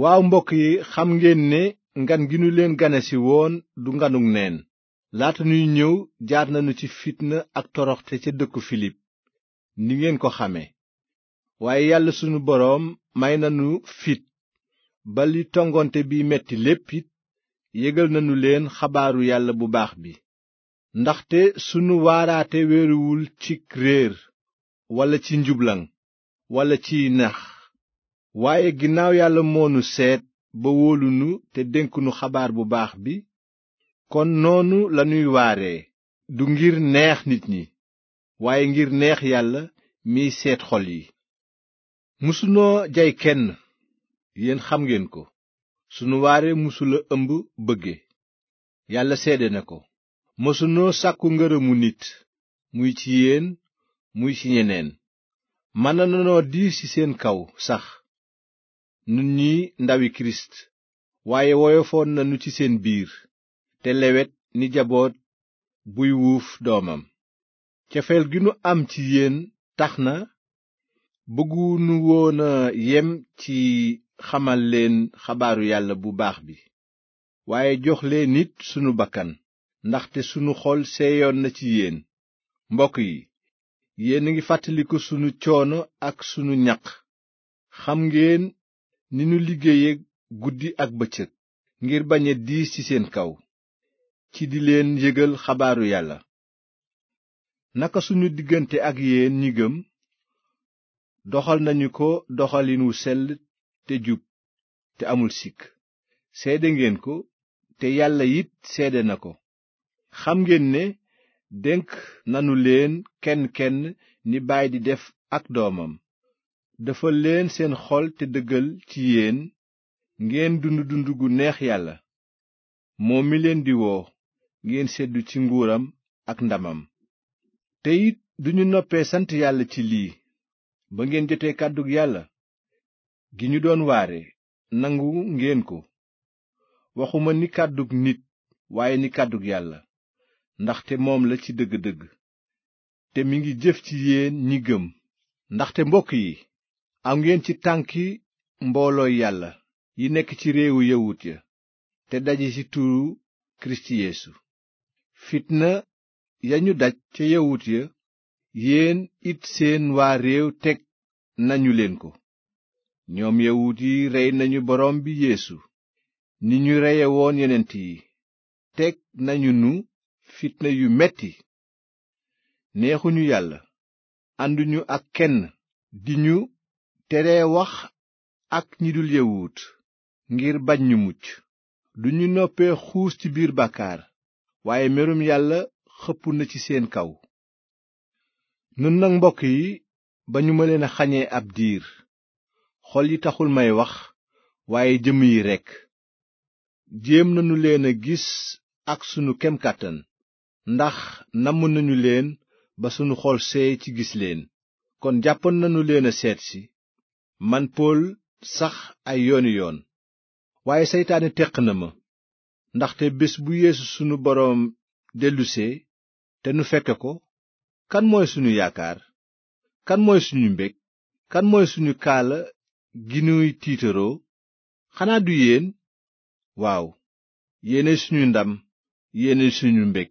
waaw mbokk yi xam ngeen ne ngan gi nu leen ganesi woon du nganuk neen laata nuy ñëw jaar nañu ci fitna ak toroxte ca dëkku filip ni ngeen ko xame waaye yàlla sunu boroom may nanu fit bali tongonte bi metti lépp it yëgal nanu leen xabaaru yàlla bu baax bi ndaxte sunu waaraate wéeruwul ci réer walla ci njublaŋ walla ci nax waaye ginnaaw yàlla moonu seet ba wóolu te dénk xabaar bu baax bi kon noonu lanuy waaree du ngir neex nit ñi waaye ngir neex yàlla miy seet xol yi musunoo jay kenn yéen xam ngeen ko sunu waare mësula ëmb bëgge yàlla seede na ko mësunoo sàkku ngërëmu nit muy ci yéen muy ci ñeneen mën nanoo di ci seen kaw sax nun ñi ndawi kirist waaye woyofoon nanu ci seen biir te lewet ni jaboot buy wuuf doomam cofeel gi nu am ci yéen tax na bëggunu woon a yem ci xamal leen xabaaru yàlla bu baax bi waaye jox leen it sunu bakkan ndaxte sunu xol seeyoon na ci yéen mbokk yi yéen a ngi fàttaliku sunu coono ak sunu ñakk xam ngeen ni nu liggéeye guddi ak bëccëg ngir bañ a diis ci seen kaw ci di leen yëgal xabaaru yàlla naka suñu diggante ak yeen ñi gëm doxal nañu ko doxalin wu sell te jub te amul sikk seede ngeen ko te yàlla it seede na ko xam ngeen ne dénk nanu leen kenn kenn ni baay di def ak doomam dafa leen seen xol te dëggal ci yeen ngeen dund dund gu neex yàlla moom mi leen di woo ngeen seddu ci nguuram ak ndamam te it duñu noppee sant yàlla ci lii ba ngeen jotee kàddug yàlla gi ñu doon waare nangu ngeen ko waxuma ni kàddug nit waaye ni kàddug yàlla ndaxte moom la ci dëgg-dëgg te mi ngi jëf ci yeen ñi gëm ndaxte mbokk yi aw ngeen ci tànki mboolooy yàlla yi nekk ci réewu yawut ya te daje ci turu kirist yeesu fitna yañu daj ca yawut ya yéen it seen waa réew teg nañu leen ko ñoom yawut yi rey nañu borom bi yéesu ni ñu reyewoon woon yonent yi teg nañu nu fitna yu metti neexuñu yàlla ànduñu ak kenn di ñu teree wax ak ñi dul yawut ngir bañ ñu mucc ñu noppee xuus ci biir bàkkaar waaye merum yàlla xëppu na ci seen kaw nun nag mbokk yi ba ñu ma leen a xañee ab diir xool yi taxul may wax waaye jëmm yi rekk jéem nañu leen a gis ak sunu kem kàttan ndax namm nañu leen ba sunu xool seey ci gis leen kon jàppoon nañu leen a seetsi man pool sax ay yooni yoon waaye seytaane teq na ma ndaxte bés bu yeesu sunu boroom dellusee te nu fekke ko kan mooy sunu yaakaar kan mooy suñu mbég kan mooy suñu kaala gi nuy tiitaroo xanaa du yéen waaw yéenay suñu ndam yéenay suñu mbég